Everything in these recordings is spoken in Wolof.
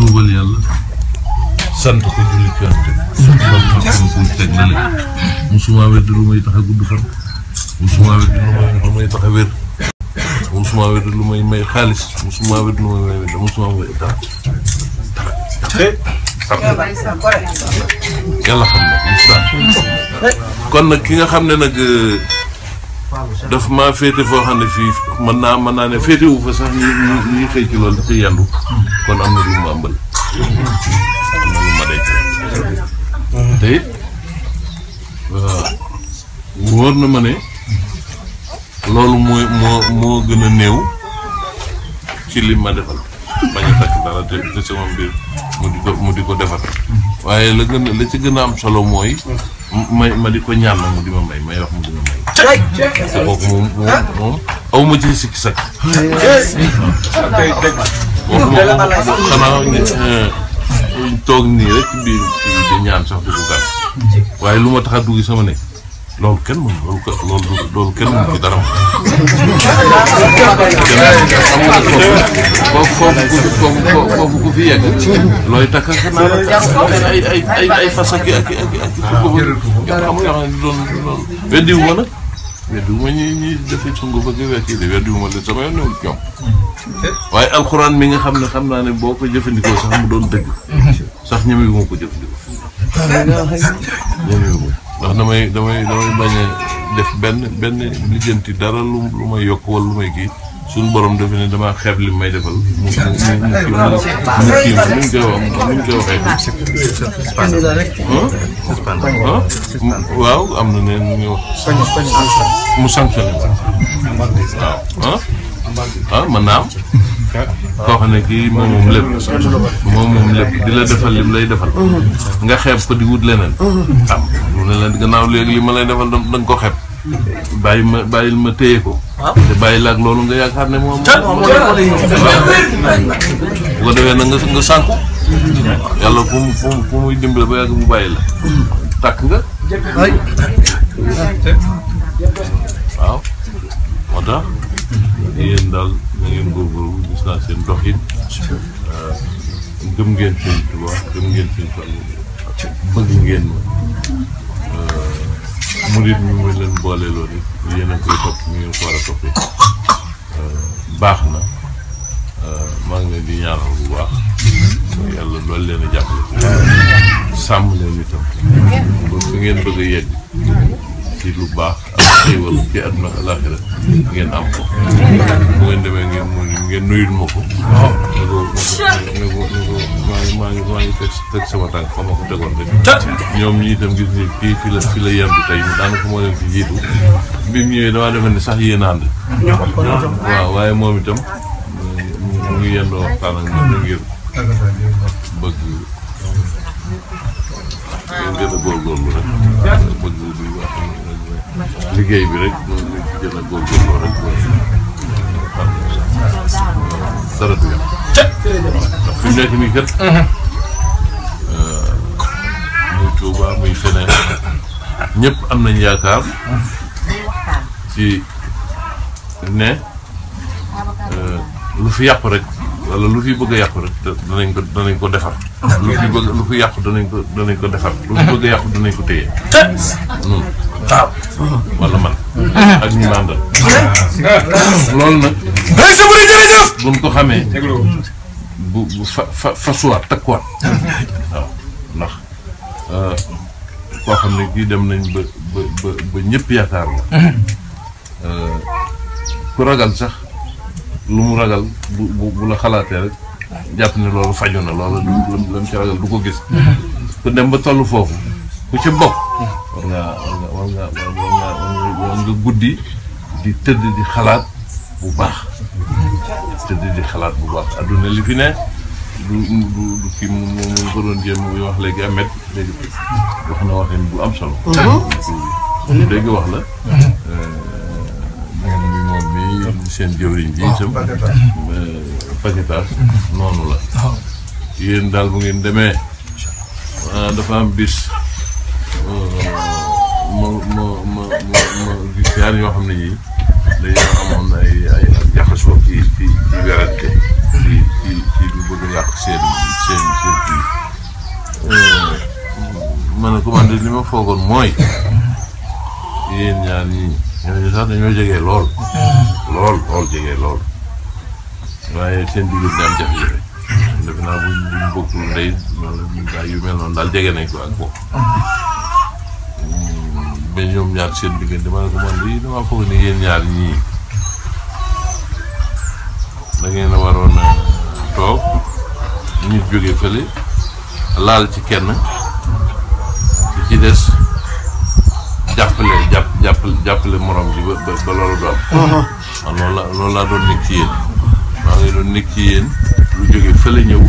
tuubal yàlla sant ko jullit yoon te suñ borom xam-xam bu ñu teg na leen musuma wedd lu may tax a gudd fan musuma wedd lu may tax a wér musuma wedd lu may may xaalis musuma wedd lu may may wedd xam na kon nag xam ne nag daf maa féete foo xam ne fii mën naa man naa ne féete fa sax ñuy ñuy xëy ci loolu te yandu kon am na lu ma gën a néew ci li ma mu di ko mu di ko defar waaye la gën la ci gën a am solo mooy. Mm. ma di ko ñaan nag mu di ma may may wax mu di ma may. parce que boobu moom moom ah. moom ci sikki sakk. xanaa eh, toog nii rek di di ñaan sax di ko waaye lu ma tax a dugg sama nekk. loolu kenn mën loolu loolu loolu kenn mën ci dara moom. foofu fi yegg. looy takk naa la ay ay fas ak ak ak ak xam nga loolu loolu. nag weddi wu ma ñuy sunguf ak wekk yi de sama yoon newul ñoom. waaye alxuraan mi nga xam ne xam naa ne boo ko jëfandikoo sax mu doon dëgg. sax ñeme ko jëfandikoo. ndax damay damay damay bañ a def benn benn lijjanti dara lu lu may yokk wala lu may gii suñ borom defe ne dama xeeb li may defal. mu mu mu kii ma mu kii ma mu koy waxee. waaw am na ne ñu ngi wax. mu ah mën naa am koo xam ne kii moom moom lépp moom moom lépp di la defal lim lay defal nga xeeb ko di wut leneen am mu ne la gannaaw léegi li ma lay defal da nga ko xeeb bàyyi ma bàyyil ma téye ko te bàyyi laag loolu nga yaakaar ne moom bu ko defee nag nga nga sànku yàlla fu mu fu mu fu ba yàgg mu bàyyi la tàkk nga waaw yéen daal na ngeen góorgóorlu gis naa seen doxin gëm ngeen seen Tuubaa gëm ngeen seen Fallu bëgg ngeen ma euh, murit mi mu leen booleeloo nit yéen a koy topp ñu ngeen ko war a toppee euh, baax na euh, maa ngi leen di ñaanal bu baax yàlla loolu leen a jàppale sàmm leen itam ba fi ngeen bëgg a lu baax xéewal ci àdduna ak alaxira ngeen am ko bu ngeen demee ngeen mu ngeen nuyul ma ko ne ko ne ko ne ko maa ngi maa ngi maa ngi teg teg sama tànk fa ma ko tegoon rek ñoom ñi itam gis ni kii fi la fi la yendu tey mu daanaka moo leen fi jiitu bi mu ñëwee damaa defoon ne sax yéen ànd waaw waaye moom itam mu ngi yendoo waxtaan ak ñoom ngir bëgg ngeen góorgóorlu rek bëgg di wax liggéey bi rek moom lañ ci gën a góorgóorloo rek mooy dara du yàq. ndax fi mu nekk nii kat. Euh, muy Touba muy feneen ñëpp am nañ yaakaar ci ne euh, lu fi yàqu rek wala lu fi bëgg a yàpp rek danañ ko danañ ko defar. lu fi bëgg lu fi yàqu danañ ko danañ ko defar. lu fi bëgg a yàqu danañ ko téye. waaw wala man ak ñu mandal loolu nag day sa bëri jërëjëf buñ ko xamee bu bu fa fa fasuwaat takkuwaat waaw ndax koo xam ne kii dem nañ ba ba ba ba ñëpp yaakaar la ku ragal sax lu mu ragal bu bu bu la xalaatee rek jàpp ne loolu faju na loolu lam ci ragal du ko gis ku dem ba toll foofu ku ci bokk. war nga war nga war nga war nga guddi di tëdd di xalaat bu baax. tëdd di xalaat bu baax adduna li fi du du wax léegi amet léegi bu am solo. Mhm. wax la. Euh, danga ni moom mii seen jëwriñ bi itam. Oh, euh, noonu la. Oh. yéen daal bu ngeen demee. Ah, dafa am bis. ma gis ñaar xam ne yii dañoo amoon ay ay jaxasoo ci ci ci werante ci ci ci lu bëgg seen seen seen kii. ma ne commande li ma foogoon mooy yéen ñaar ñii ñooñu sax dañoo jege lool. lool lool jege lool. waaye seen dugub daan jafe-jafe. defe naa buñ buñ bokkul ndey yu mel noonu daal jege nañ ko ak bokk. ba ñoom ñaar seen diggante ma ne ko man lii damaa foog ne yéen ñaar ñii da ngeen a waroon a toog ñu jóge fële laal ci kenn ci ci des jàppale jàpp jàppale jàppale morom ji ba ba loolu du am. Uh-huh. man loolu la loolu laa doon nekk ci maa ngi doon nekk ci lu jóge fële ñëw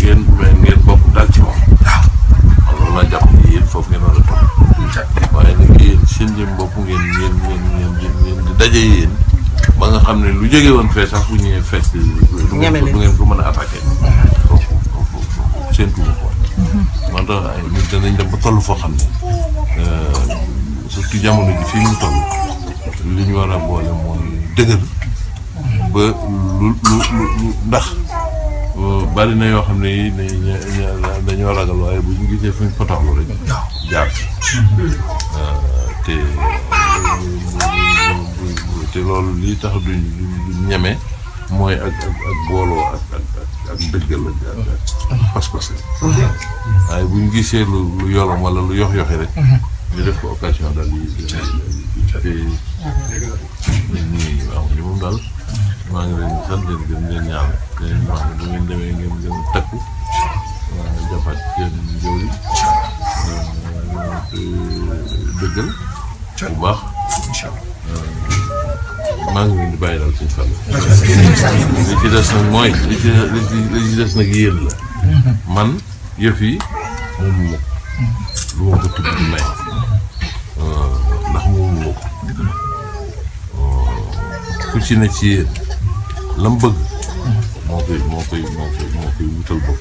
ngeen ngeen bokk dal ci moom damaa jàpp ni yéen foofu a toog. waaye nag yéen seen jëm bopp ngeen ngeen ngeen ngeen di daje yéen. ba nga xam ne lu jóge woon fee sax bu ñëwee fekk. ñeme du ngeen ko mën a attaqué. Mm-hmm. foofu foofu ma ko. Mm-hmm. moo tax ay nit ba toll foo xam ne euh, surtout jamono ji fii mu toll li ñu war a boole mooy dëgër. Mm-hmm. ba lu lu lu ndax. bari na yoo xam ne yi dañoo ragal waaye bu ñu gisee fuñ potoxlu rek jaar te loolu lii tax duñ ñeme mooy ak ak booloo ak ak ak dëggal ak pas-pas waaye bu gisee lu lu yolom wala lu yox yoxi rek ñu def ko occasion daal yi te nit ñi waaw moom daal maa ngi leen di sant leen gërëm leen ñaan leen wax ne bu ngeen demee ngeen gën a takku maa ngi jàppaat seen jëw maa ngi leen di bàyyi daal suñu ci des nag mooy ci li ci des la man yëf yi lu ma ko tudd ku ci ne ci la bëgg moo koy moo koy moo koy moo koy wutal bopp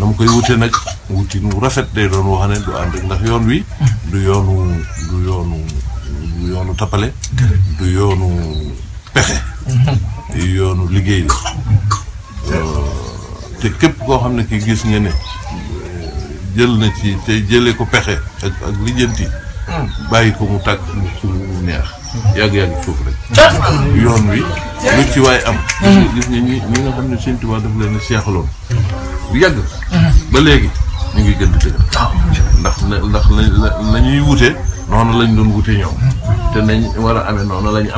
na mu koy wute nag wuti nu rafet day doon wax ne du ànd ak ndax yoon wi du yoonu du yoonu tappale du yoonu pexe du yoonu liggéey la te képp koo xam ne ki gis nga ne jël na ci te jële ko pexe ak ak lijjanti hmm. bàyyi ko mu tàkk mu neex yàgg-yàgg suuf rek yoon wi lu ci waay am. gis nga ni ñi nga xam ne Sëñ Tuubaa daf leen a seexaloon. bu yàgg. ba léegi ñu ngi gën di dëgër. ndax ndax la ñuy wute noonu lañ doon wute ñoom. te nañ war a amee noonu la ñu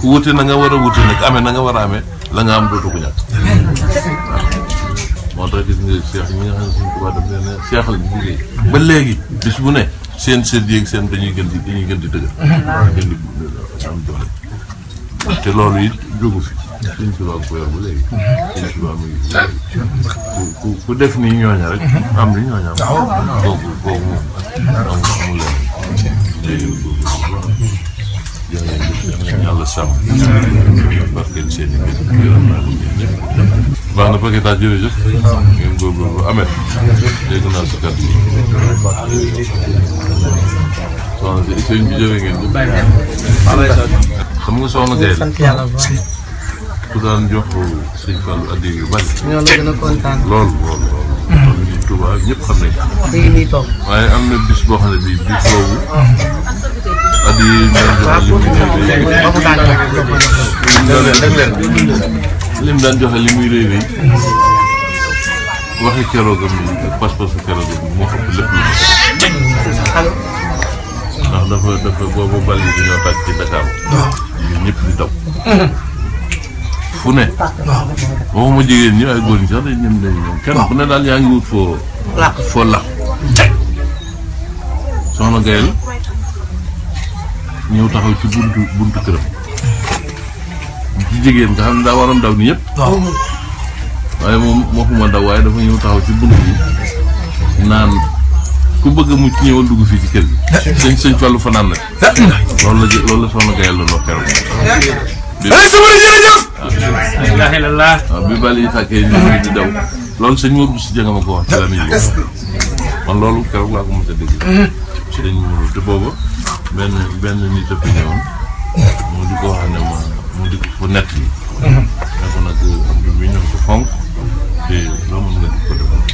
ku wute na nga war a wute nag amee na nga war a ame langa am dootu ko ñàkk. moo tax gis nga seex ñi ba léegi bis bu ne seen sëdd seen dañuy gën di dañuy gën di dëgër. gën di am te loolu it jógu fi suñ tubaab ko yor bu léegi ku ku def ni ñooña rek am ni ñooña am boobu boobu moom amul amul leen yàlla sàmm barkeel seen i mbir yërëm naa leen ñëpp amet dégg naa sa soxna si sëriñ bi nga soxna Gaye la. ku daan jox sëriñ Fallou addi yu bari. ñoo la gën a kontaan. lool lool lool. Touba ñëpp xam am na boo xam ne bii bis boobu. addi yi ñu daan joxe li muy rëy waxi keroogam yi ak pas-pasu keroogam yi moo ëpp lépp lu ndax dafa dafa boobu bali bi ñoo tàj ci Dakar ñu ñëpp di daw mm-hmm. fu ne waxuma jigéen ñi ay góor ñi sax dañ ñem dañ ñoom kenn ku ne daal yaa ngi wut foo foo laq soxna gayel ñëw taxaw ci buntu buntu këram ci jigéen nga xam ne daa waroon daw ni yëpp waaye moom daw waaye dafa ñëw taxaw ci buntu bi naan ku bëgg mu mucc ñëwal dugg fii ci kër gi. Ah. sëñ sëñ Fallou fanaan la. Ah. loolu la jë loolu la soxna Gaye ah. la keroog. waaw bi bal yi tàkkee ñu di ko wax ci la man loolu keroog laa ko mën a dégg. si dañ mënul te booba benn nit a fi mu di ko wax ne ma mu di ko mm-hmm. fonk te loo mën ko defal.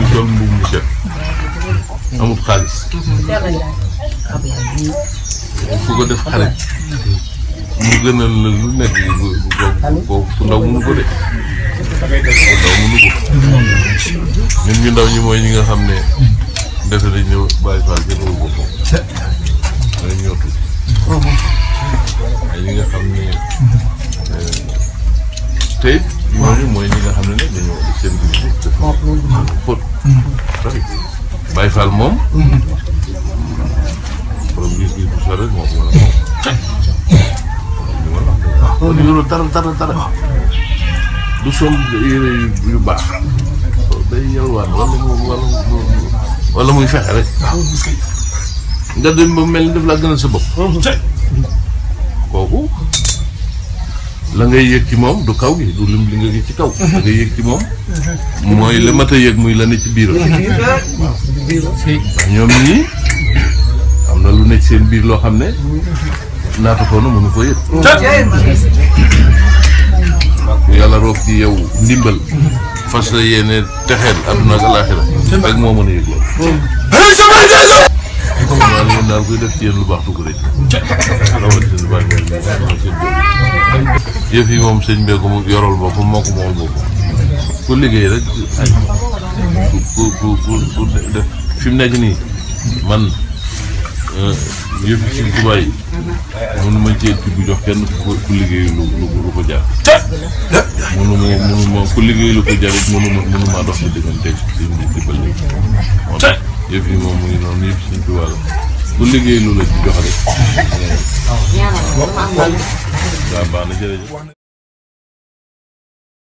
di sol mbubb mu set amul xaalis ku ko def xale mu gënal la lu nekk boobu ku ndaw mënu ko de ku ndaw mënu ko ñun ñu ndaw ñi mooy ñi nga xam ne defe nañ ne bàyyi faal kenn waru boppam dañ ñoo tudd waaye ñi nga xam ne eh, tey ñooñu mooy ñi nga xam ne nag Baye Fall moom. borom gis-gis du sol yére yu baax. day yalwaan wala muy fexe rek. nga dem ba mel ni daf laa gënal sa kooku. la ngay yëg ci moom du kaw gi du lim li nga ngi ci kaw. la ngay yëg ci moom. mooy la yëg muy la ne ci biir. waaw ñoom ñii am na lu ne seen biir loo xam ne naata ko na mënu yëg. ndax yàlla roog ci yow ndimbal. fas la yéene texeel àdduna ak alaaxira rek moo mën a yëg loolu. waaw loolu daal def ci lu baax dugg rek rawatina lu yëf yi moom sëñ bee ko mu yorol boppam moo ko moom boppam ku liggéey rek fi mu nekk nii man. Euh, yëpp ci Tuubaa yi mënuma cee tudd jox kenn ku liggéey lu lu ko jaar mënuma mënuma ku liggéey lu ko jaar mënuma mënuma dox ci diggante a ci ba léegi moo tax yëpp yi moom mu ngi noonu yëpp ci Tuubaa la ku liggéey lu la ci jox rek waaw baax